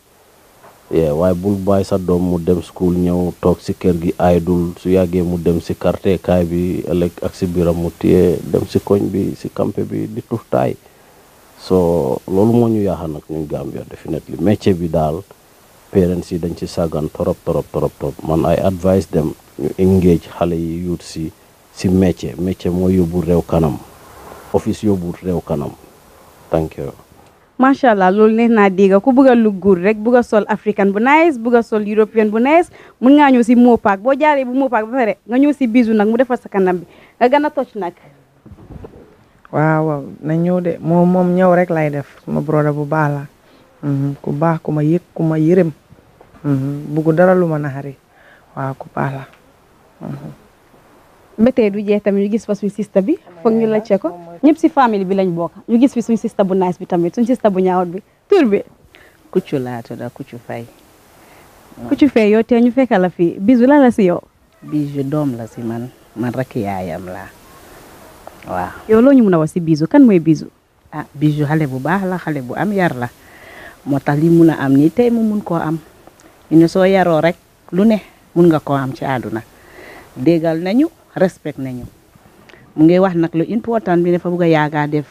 [SPEAKER 8] ye way bul bay sa dom mu dem school ñew tok si kër gi aydul su yagge mu dem si quartier kay bi ëllëg ak ci biram mu tie dem si koñ bi si campé bi di tay so lolu moo ñu yaaxa nag Gambia definitely métier bi dal parents yi dañ ci sagan torop torop torop torop man ay advice dem ñu engage xalé yi yut si si métier métier mo yóbbu rew kanam office yóbbu rew kanam thank you
[SPEAKER 4] macha allah loolu neex naa dégg ku bëgg lu góor rek bugga sol african bu nice bugga a sol european bu nice mun ngaa ñëw si Mopac boo jaaree bu Mopac ba pare nga ñëw si bisu nag mu defar sa kanam bi nga gën a toj nag.
[SPEAKER 5] waaw waaw na ñëw de moom moom ñëw rek lay def ma broda bu baax la mhm. ku baax ku ma yëg ku ma yërëm mhm. bëgg dara lu ma naxari waaw ku baax la. Mhm.
[SPEAKER 4] météo du jeex tamit ñu gis fa suñ sista bi foog ñu lacce ko ñëpp si famille bi lañ bokk ñu gis fi suñ sista bu nice bi tamit suñ sista bu ñaawat bi tur bi kuccu laa tudd kuccu fay kuccu fay yow tee ñu fekka fi fii la la si yow
[SPEAKER 2] bisu doom la si man man rek yaayam laa waaw yow loo ñu mun a wax si bisu kan mooy bisu a ah, bisu xale bu baax la xale bu am yar la moo tax li mun a am ni tey mu mun koo am ñu ne soo yaroo rek lu ne mun nga koo am ci àdduna déggal nañu respect nañu mu ngi wax nak lu important bi fa bëgg ga yaaga def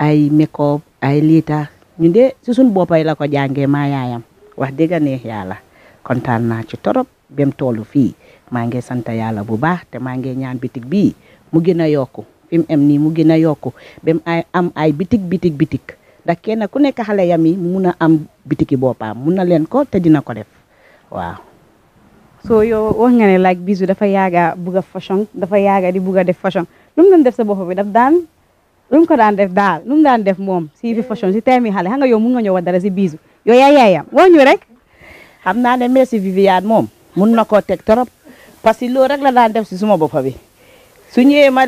[SPEAKER 2] ay makeup ay lita ñun de ci sun bopay la ko jàngee ma yaayam wax dëgg neex yaala kontaan na ci torop bem tolu fi ma ngi sant yaala bu baax te ma ngi ñaan bitik bi mu gën yokku fim em ni mu yokku bem ay am ay bitik bitik bitik. da kenn ku nekk xalé yami mu mun am bitiki bopam muna na len ko te dina ko def waaw
[SPEAKER 4] so yow wax nga ne like Bijou dafa yaaga bugg a fashion dafa yaaga di bugg a def fashion lu mu doon def sa bopp bi daf daan lu mu ko daan def daal lu mu daan def moom si fi fashion si tey mi xale xam yow mun nga ñëw wax dara si Bijou yow yaa yaayam woo ñu rek xam naa ne merci Viviane moom
[SPEAKER 2] mun na koo teg trop parce que loolu rek la daan def si suma boppa bi su ñëwee ma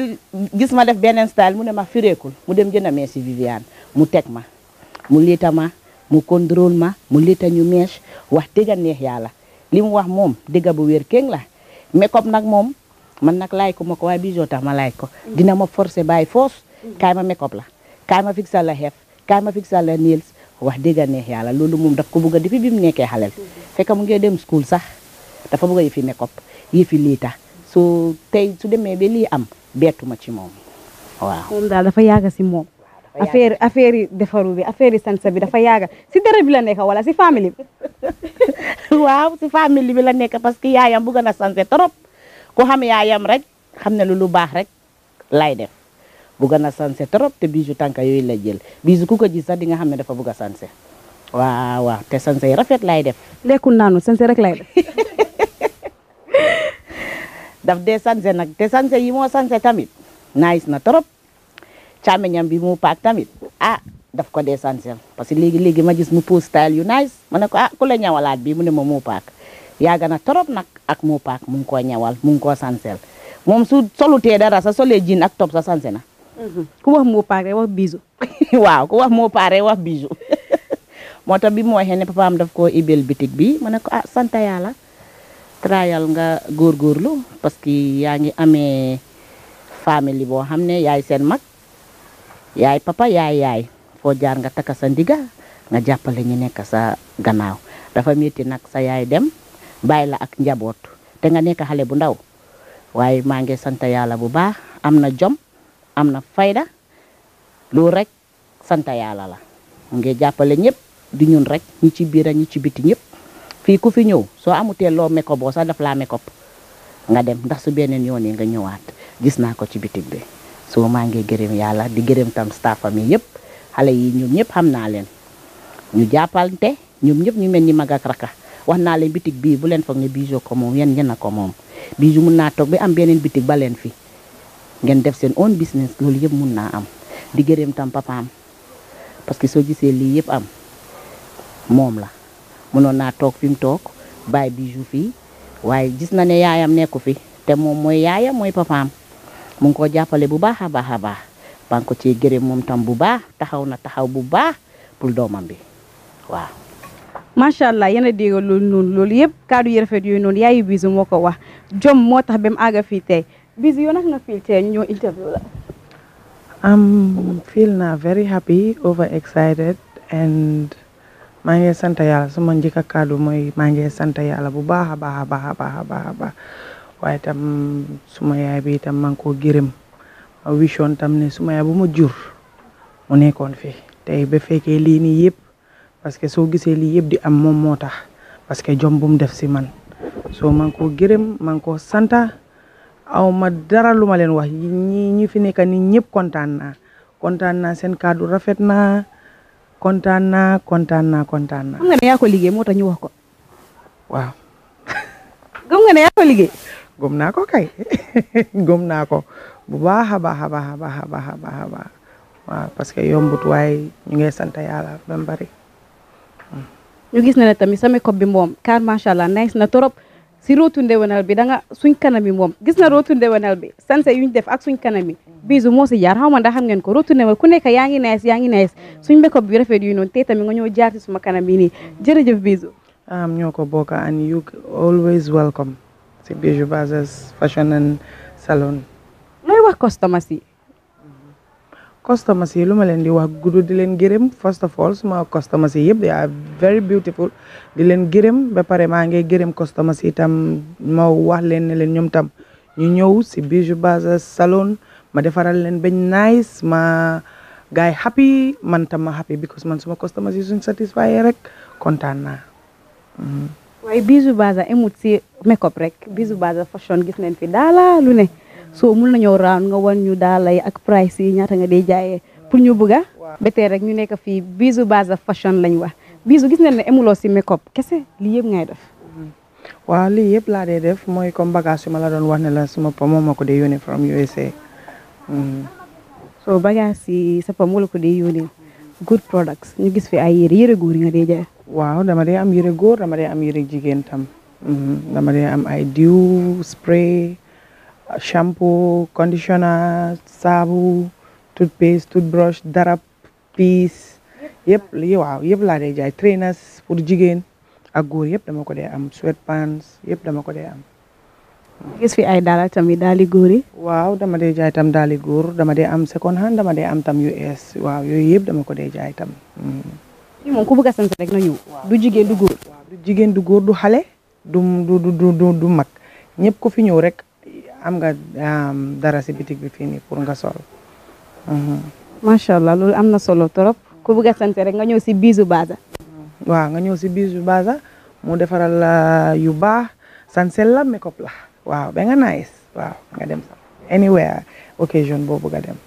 [SPEAKER 2] gis ma def beneen style mu ne ma fireekul mu dem jënd merci Viviane mu teg ma mu liita ma mu contrôle ma mu liita ñu mees wax dëgg yàlla li mu wax moom dëgg bu wér kéng la mais nag moom man nag laaj ko ma ko waaye Bijou tax ma laaj ko. Mm. dina ma forcer bàyyi force. Mm. kaay ma make la kaay ma fixal la xeef kaay ma fixal la nails wax dëgg neex yàlla loolu moom daf ko bëgg a depuis bi mu nekkee xalel mm. fekk mu ngee dem school sax dafa bugg a yëfi make-up yëfi lii tax su tey su demee ba lii am bettuma ci moom
[SPEAKER 6] waaw.
[SPEAKER 4] moom. affaire affaire yi defaru bi affaire yi sansa bi dafa yaaga si dara bi la nekk wala si famille bi. waaw si bi la nekk
[SPEAKER 2] parce que yaayam bugga na sanse trop ku xam yaayam rek xam ne lu lu baax rek lay def bëgg na sanse trop te bisu tànka yooyu la jël bisu ku ko ji sax dinga nga xam ne dafa bëgg a sanse waaw waaw te sanse yi rafet lay def. lekkul naanu
[SPEAKER 4] sanse rek lay def.
[SPEAKER 2] daf dee sanse nag te sanse yi moo sanse tamit nice na trop. càmmiñam bi mu pak tamit ah daf ko dee essentiel parce que léegi léegi ma gis mu style you nice mana ko ah ku la bi mu ne mo mu pak ya gana torop nak ak mu pak mu ngi koo ñawal mu ngi koo sansel moom su soluté dara sa solé jin ak top sa sanse na. Mhm. ku wax mu pak rek wax bisu. waaw ku wax mu pak wax bisu mota bi mu waxee ne am daf ko ibel boutique bi mana ko ah santa yalla trial nga gur parce que ya ngi family bo boo xam yaay sen mak yaay papa yaay yaay foo jaar nga takka sa ndiga nga jàppale ñu nekk sa gannaaw dafa métti nag sa yaay dem bàyyi la ak njaboot te nga nekk xale bu ndaw waaye maa ngi sant yàlla bu baax am na jom am na fayda lu rek sant yàlla la ngi jàppale ñëpp di ñun rek ñi ci biir ak ñi ci biti ñëpp fii ku fi ñëw soo amutee loo meko boo sax daf laa nga dem ndax su beneen yoon yi nga ñëwaat gis naa ko ci bitik bi so ma ngi gërëm yalla di gërëm tam staffam yi yëpp xale yi ñoom ñëpp xamna leen ñu jàppante ñoom ñëpp ñu melni mag ak raka wax naa leen bitik bi bu leen fogné bijo ko mom yeen ñëna ko mom bijo mun na tok bi am benen bitik ba leen fi ngeen def seen own business lool yëpp mun na am di gërëm tam papaam parce que so gisé li yëpp am mom la munoon naa toog fi mu toog bijou bijo fi waaye gis na né yaayam nekku fi te moom mooy yaayam mooy papaam mu ngi koo jàppale bu baax a baax a baax maa ko ciy gërëm moom tam bu baax taxaw na taxaw bu baax pour doomam bi
[SPEAKER 4] waaw. macha allah yéen a dégg loolu noonu loolu yëpp kaddu yu rafet yooyu noonu yaayu bisu moo ko wax jom moo tax ba mu àgg fii tey bisu yoo nag nga fii tey ñu ñëw interview la.
[SPEAKER 5] am feel na very happy over excited and maa ngi sant yàlla suma njëkk a kaddu mooy maa ngi sant yàlla bu baax a baax baax a baax a waaye tam suma bi itam maa ngi koo gërëm ma tam ne suma yaay bu ma jur mu nekkoon fi tey ba fekkee lii nii yëpp parce que soo gisee lii yëpp di am moom moo tax parce que jom bu mu def si man so maa ngi koo gërëm maa ngi koo santa aw ma dara lu ma leen wax ñi ñi fi nekk ni ñëpp kontaan naa kontaan naa seen kàddu rafet na kontaan naa kontaan naa kontaan naa.
[SPEAKER 4] ko liggéey moo tax ñu wax ko.
[SPEAKER 5] waaw. xam nga ne yaa gëm naa ko kay gëm naa ko bu baax a baax a baax a baax a baax a parce que yombut waaye ñu ngi sant yàlla ba mu bari.
[SPEAKER 4] ñu gis na ne tamit sama kopp bi moom car macha allah nice na trop si rootu ndewenal bi da nga suñ kanam yi moom gis na rootu ndewenal bi sanse yuñ def ak suñ kanam yi bisu moo si jaar xaw ma ndax xam ngeen ko rootu ndewenal ku nekk yaa ngi nice yaa ngi nice suñ makeup bi rafet yu noonu te tamit nga ñëw jaar suma kanam yi nii jërëjëf bisu.
[SPEAKER 5] am ñoo ko bokk and you always bijou Jubaza's fashion and salon. lay wax customers yi. customers yi lu ma di wax gudu di len gërem first of all suma customers yi yeb they are very beautiful di len gërem ba paré ma ngay gërem customers yi tam ma wax len ne leen tam ñu ñëw si Bijou Baza's salon ma défaral len bañ nice ma gay happy man tam ma happy because man suma customers yi suñ satisfy rek mm -hmm.
[SPEAKER 4] waaye Bijou Baza emut si make-up rek bisu Baza fashion gis nañ fi daala lu ne soo mun nañoo round nga wan ñu daala yi ak price yi ñaata nga dee jaayee pour ñu bëgg a rek ñu nekk fii Bijou Baza fashion lañ wax Bijou gis nañ ne emuloo si make-up kese lii yëpp ngay def mm-hmm.
[SPEAKER 5] waaw lii yëpp laa dee def mooy kom bagage yu ma la doon wax ne la suma pa moom ma ko dee yónnee from USA mm-hmm. so bagage yi sa pa la ko dee yónnee good products ñu gis fi ay yére yëre góor yi waaw dama dee am yëre góor dama dee am yëre jigéen tam mhm, dama dee am ay diw spray shampoo conditioner saabu toothpaste toothbrush darab piis yëpp li waaw yëpp laa dee jaay trainers pour jigéen ak góor yëpp dama ko dee am sweatpants yëpp dama ko dee am. gis fi ay daala tamit daali góor yi. waaw dama dee jaay tam daali góor dama dee am second hand dama dee am tam US waaw yooyu yëpp dama ko dee jaay tam. Mhm. fii moom ku bëgg a sant rek na ñëw. du jigéen du góor. du jigéen du góor du xale du du du du du mag ñëpp ku fi ñëw rek am nga dara si bitig bi fii nii pour nga sol. Mhm. macha allah loolu am na solo trop ku bëgg a rek nga ñëw si biisu baza. waaw nga ñëw si bisu baza mu defaral yu baa sansel la make la waaw ba nga nice waaw nga dem sax anywhere occasion boo
[SPEAKER 7] bëgg a dem.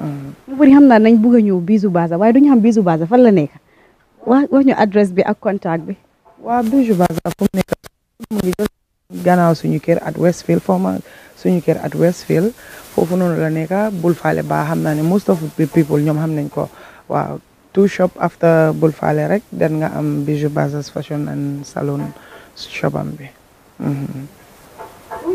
[SPEAKER 7] mu
[SPEAKER 4] mhm. bëri xam naa nañ bëgg a ñëw bisu baza waaye du ñu xam bisu baza fan la nekk. wax wax ñu bi ak contact bi.
[SPEAKER 5] waaw Bijou Baza fu mu nekk suñu kër at Westfield former suñu kër at Westfield foofu noonu la nekka bul faale ba xam naa ne most of the people ñoom xam nañ ko waaw two shop after bul faale rek den nga am Bijou Baza's fashion and salon shop am bi. bu mm-hmm.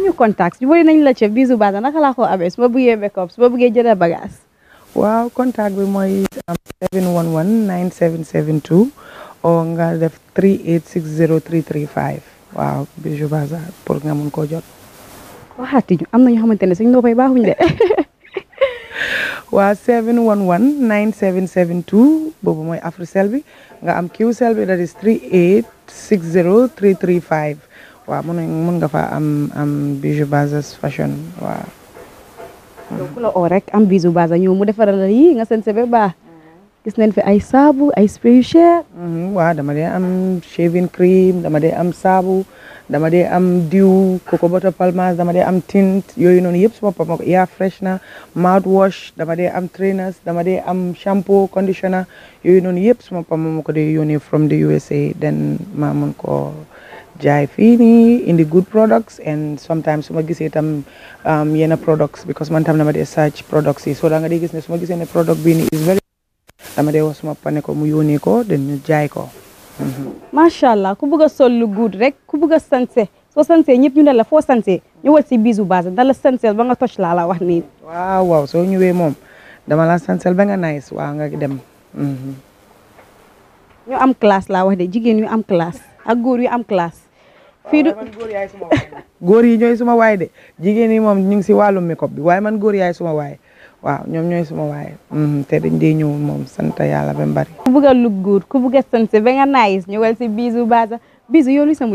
[SPEAKER 4] ñu contact nañ la ca Bijou Baza naka laa ko amee su ma bëggee make su ma bëggee jënd bagage.
[SPEAKER 5] waaw contact bi mooy am 711 9772 oo nga def 3860335 waaw Bijou Bazar pour nga mun koo jot. waxaati am na ñoo xamante ne suñu noppay baaxuñ de. waaw 711 9772 boobu mooy Africell bi nga am Qcell bi that is 3860335 waaw mun nga fa am am Bijou Bazar fashion waaw.
[SPEAKER 4] yow ku la oo rek am bisu base ñëw mu defaral la yii nga sensé ba baa gis nañ fi ay saabu ay spray yu
[SPEAKER 5] cher mhm, waaw dama dee am shaving cream dama de am saabu dama de am diw coco butter palmas dama de am tint yooyu noonu yëpp suma boppam yaa freshener mouthwash dama dee am trainers dama dee am shampoo conditioner yooyu noonu yëpp suma boppam moo ko dee yónnee from the USA then maa mun ko jaay fii nii indi good products and sometimes su ma gisee tam um, yenn products because man tam dama dee search products yi so da nga dee gis ne su ma gisee ne product bii nii is very dama dee wax suma pane ko mu yónnee ko dañu jaay ko mm-hmm.
[SPEAKER 4] macha allah ku bëgg a sol lu good rek ku bëgg a sanse soo sansee ñëpp ñu ne la foo sansee ñu wat si bisu base da la sanseel banga nga toj laa la wax nii waaw
[SPEAKER 5] waaw soo ñëwee moom dama la sanseel ba nga nice waaw nga dem mm-hmm.
[SPEAKER 4] ñu am classe laa wax de fii du
[SPEAKER 5] góor yi ñooy suma waay de jigéen yi moom ñu ngi si wàllum make bi waaye man góor yaay suma waay waaw ñoom ñooy suma waay mm-hmm, te dañ dee ñëw moom sant yàlla ba mu bari ku bëgg a lug góor
[SPEAKER 4] ku bëgg a sant ba nga naayis ñu wel si bisu baasa bisu li sa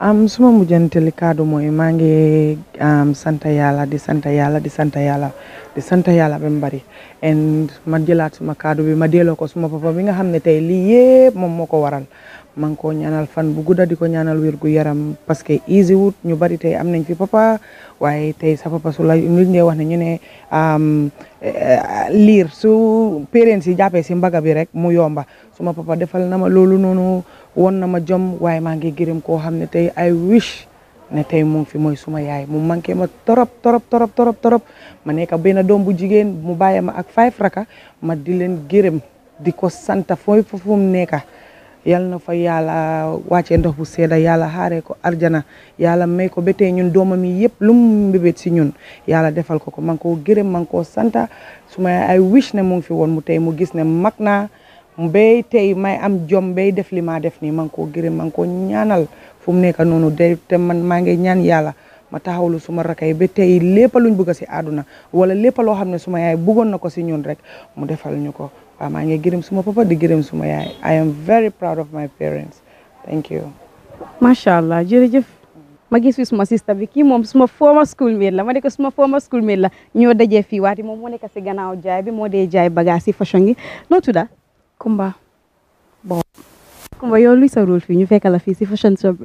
[SPEAKER 5] am suma mujjanteli kaddu mooy maa ngi sant yàlla di sant yàlla di sant yàlla sant yàlla ba bari and ma jëlaat suma kaddu bi ma delloo ko suma papa bi nga xam ne tey lii yëpp moom moo ko waral maa ngi koo ñaanal fan bu gudda di ko ñaanal wér gu yaram parce que easy wut ñu bari tey am nañ fi papa waaye tey sa papa su la liñ dee wax ne ñu ne eh, liir su parents si jàppee si mbaga bi rek mu yomba suma papa defal na ma loolu noonu won na ma jom waaye maa ngi gërëm koo xam ne tey ay wish ne tey mu ngi fi mooy suma yaay mu manqué ma torop torop torop torop torop ma nekk benn doom bu jigéen mu bàyyi ma ak five raka ma di leen gërëm di ko santa fooy foofu mu neka yal na fa yàlla wàccee ndox bu sedda yàlla xaaree ko arjana yàlla may ko ba tey ñun doomam yi yëpp lu mu mbébét si ñun yàlla defal ko ko man koo gërëm man koo santa su ma ay wish ne mu ngi fi woon mu tey mu gis ne mag naa bay tey may am jom bay def li maa def nii man koo gërëm man koo ñaanal fu mu nekk noonu de te man maa ngi ñaan yàlla ma taxawlu suma rakay be tey lépp luñ bëgg si àdduna wala lépp loo xam ne suma yaay bëggoon na ko si ñun rek mu defal ñu ko waaw maa ngi suma papa di gërëm suma yaay I am very proud of my parents thank you. macha allah jërëjëf.
[SPEAKER 4] ma gis fi suma sista bi kii moom suma former schoolmate la ma ne ko suma former schoolmate la ñoo dajee fii waati moom moo nekk si gannaaw jaay bi moo dee jaay bagage yi fashion yi noo tudda Kumba
[SPEAKER 6] Bob. fii ñu fekk la fii si fashion shop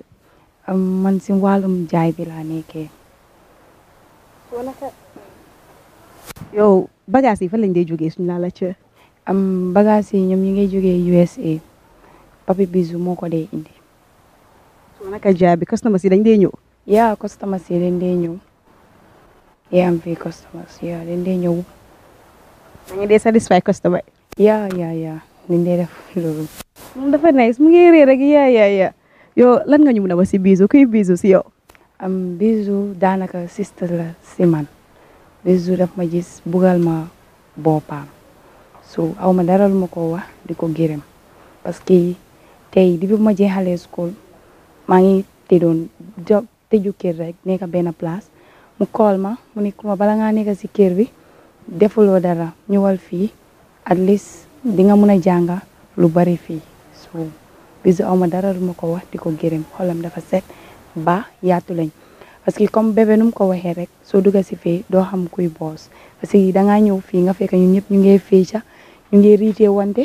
[SPEAKER 6] man si wàllum jaay bi laa nekkee. yow bagage yi fan lañ dee jógee suñu laa cee. am bagage yi ñom ñi ngay joggé USA papi bizu moko dé indi. sama naka jaabi customer si dañ dé ñew ya customer si dañ rende ñew ya am customer si ya, dañ dé ñew da nga dé satisfy customer ya ya ya yaa dé def lolu mu dafa nice mu ngi ré rek ya, ya. ya yo lan nga ñu mëna ba si bisu kuy bisu si yo. am bizu danaka sister la siman bizu bisu daf ma gis bugal ma bopam so aw ma dara lu ma ko wax di ko gërëm parce que tey di bi ma jeexalee school maa ngi te doon tëju kër rek nekk benn place mu kool ma mu ne ma bala ngaa nekk si kër bi defuloo dara ñëwal fii at least di nga mën a jànga lu bari fii so bisu ma dara lu ma ko wax di ko gërëm xolam dafa set ba yaatu lañ parce que comme bébé nu mu ko waxee rek soo dugga si fii doo xam kuy boos parce que dangaa ñëw fii nga fekk ñun ñëpp ñu ngi fii ca ñu ngi wante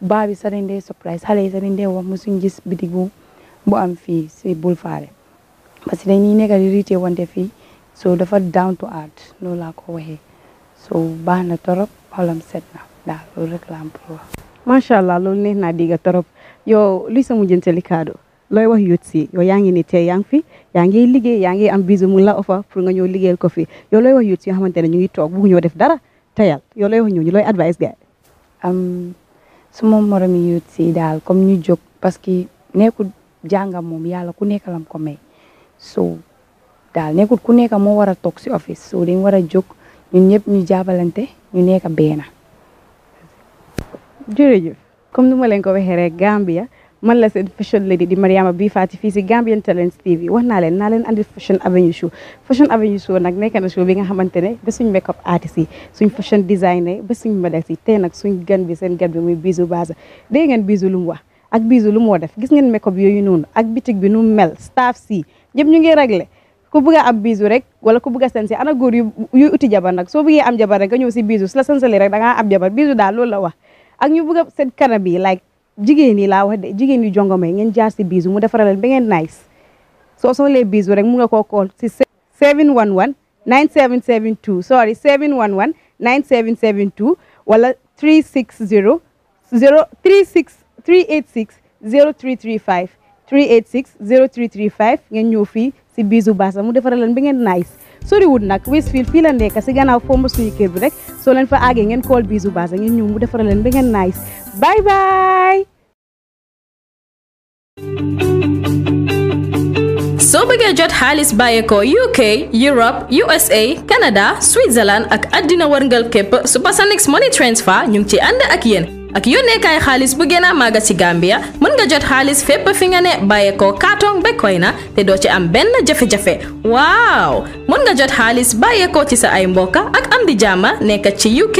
[SPEAKER 6] baa bi sax dañ dee surprise xale yi sax dañ gis bitig bu am fii si Boulevarre parce que dañuy nekk di riite wante fi so dafa down to earth loolu laa ko waxee so baax na torop xolam set na daal loolu rek laa am pour wax. loolu
[SPEAKER 4] neex naa diga torop yow sa mujjanteeli kaddu looy wax youth si yow yaa ngi ni tey yaa ngi fi yaa liggéey yaa ngi am bisu mu la offer pour nga ñëw liggéeyal ko fi yow looy wax youth si yoo xamante ne ñu ngi toog
[SPEAKER 6] bëgg ñoo def dara teyal yow looy wax ñooñu looy advice suma moromi yuut si daal comme ñu jóg parce que nekkul jàngam moom yàlla ku nekk lam ko may so daal nekkul ku nekk moo war a toog si office so dañ war a jóg ñun ñëpp ñu jàppalante ñu nekk benn. jërëjëf comme ni
[SPEAKER 4] ma leen ko waxee rek man la seen fashion lady di Mariama bi Faty fii si Gambian Talents TV wax naa leen naa leen andi fashion avenue show fashion avenue show nag nekk na show bi nga xamante ne ba suñ make up artist yi suñ fashion designer ba suñ models yi tey nag suñ gan bi seen gan bi muy Bijou Baza dégg ngeen Bijou lu mu wax ak Bijou lu moo def gis ngeen make up yooyu noonu ak bitig bi nu mel staff si ñëpp ñu ngi réglé ku bëgg a am Bijou rek wala ku bëgg a sensi ana góor yu yu uti jabar nag soo bëggee am jabar rek nga ñëw si Bijou su la sensali rek da ngaa am jabar Bijou daal loolu la wax ak ñu bëgg a seen kanam yi like jigéen yi laa wax de jigéen yu jongoma yi ngeen jaar si biisu mu defaral leen ba ngeen nice soo soxlee biisu rek mu nga koo call si 711 9772 sorry 711 9772 wala 360 0 36 386 0335 386 0335 ngeen ñëw fii si biisu baasa mu defaral leen ba ngeen nice soriwut nag Westfield fii la nekk si gannaaw fomb suñu kër bi rek soo leen fa àggee ngeen call Bijou Basse ngeen ñëw mu defaral leen ba ngeen nice bye bye.
[SPEAKER 1] soo bëggee jot xaalis bàyyeekoo UK Europe USA Canada Switzerland ak àddina wërngal kepp Supersonix money transfer ñu ngi ci ànd ak yéen. ak yónneekaay xaalis bu gën a màgg ci Gambia mën nga jot xaalis fépp fi nga ne bàyyeekoo kaatong bekkooy na te doo ci am benn jafe-jafe waaw mën nga jot xaalis bàyyeekoo ci sa ay mbokka ak am di jàmma nekk ci UK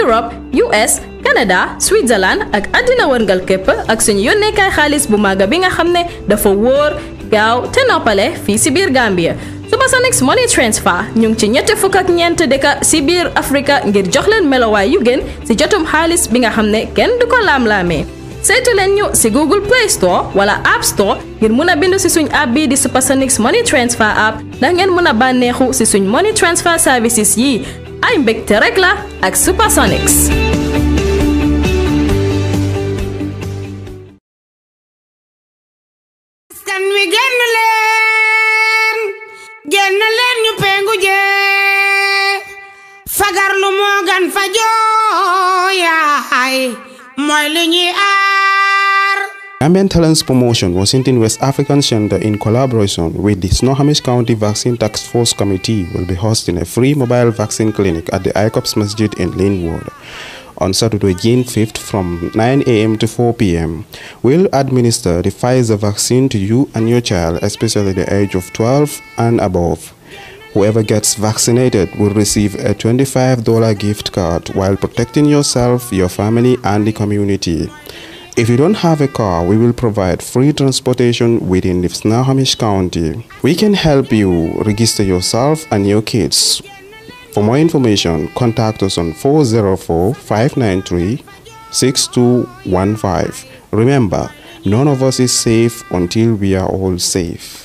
[SPEAKER 1] Europe US Canada Switzerland ak àddina wërngal képp ak suñu yónneekaay xaalis bu màgg bi nga xam ne dafa wóor gaaw te noppale fii si biir Gambia Supersonics Money Transfer ñu ngi ci ñett fukk ak ñeent dëkk si biir Afrika ngir joxleen melowaay yu gën si jotum xaalis bi nga xam ne kenn du ko laam-laamee saytu leen ñu si Google Play Store wala App Store ngir mun a bindu si suñ app bii di Supersonics Money Transfer app ndax ngeen mun a bànneexu si suñ money transfer services yi ay mbégte rek la ak Supersonics.
[SPEAKER 3] Ambient Talents Promotion was in West African Center in collaboration with the Snohomish County Vaccine Task Force Committee will be hosting a free mobile vaccine clinic at the ICOPS Masjid in Linwood on Saturday, June 5th from 9 a.m. to 4 p.m. We'll administer the Pfizer vaccine to you and your child, especially the age of 12 and above. Whoever gets vaccinated will receive a $25 gift card while protecting yourself, your family, and the community. If you don't have a car, we will provide free transportation within the Snohomish County. We can help you register yourself and your kids. For more information, contact us on 404-593-6215. Remember, none of us is safe until we are all safe.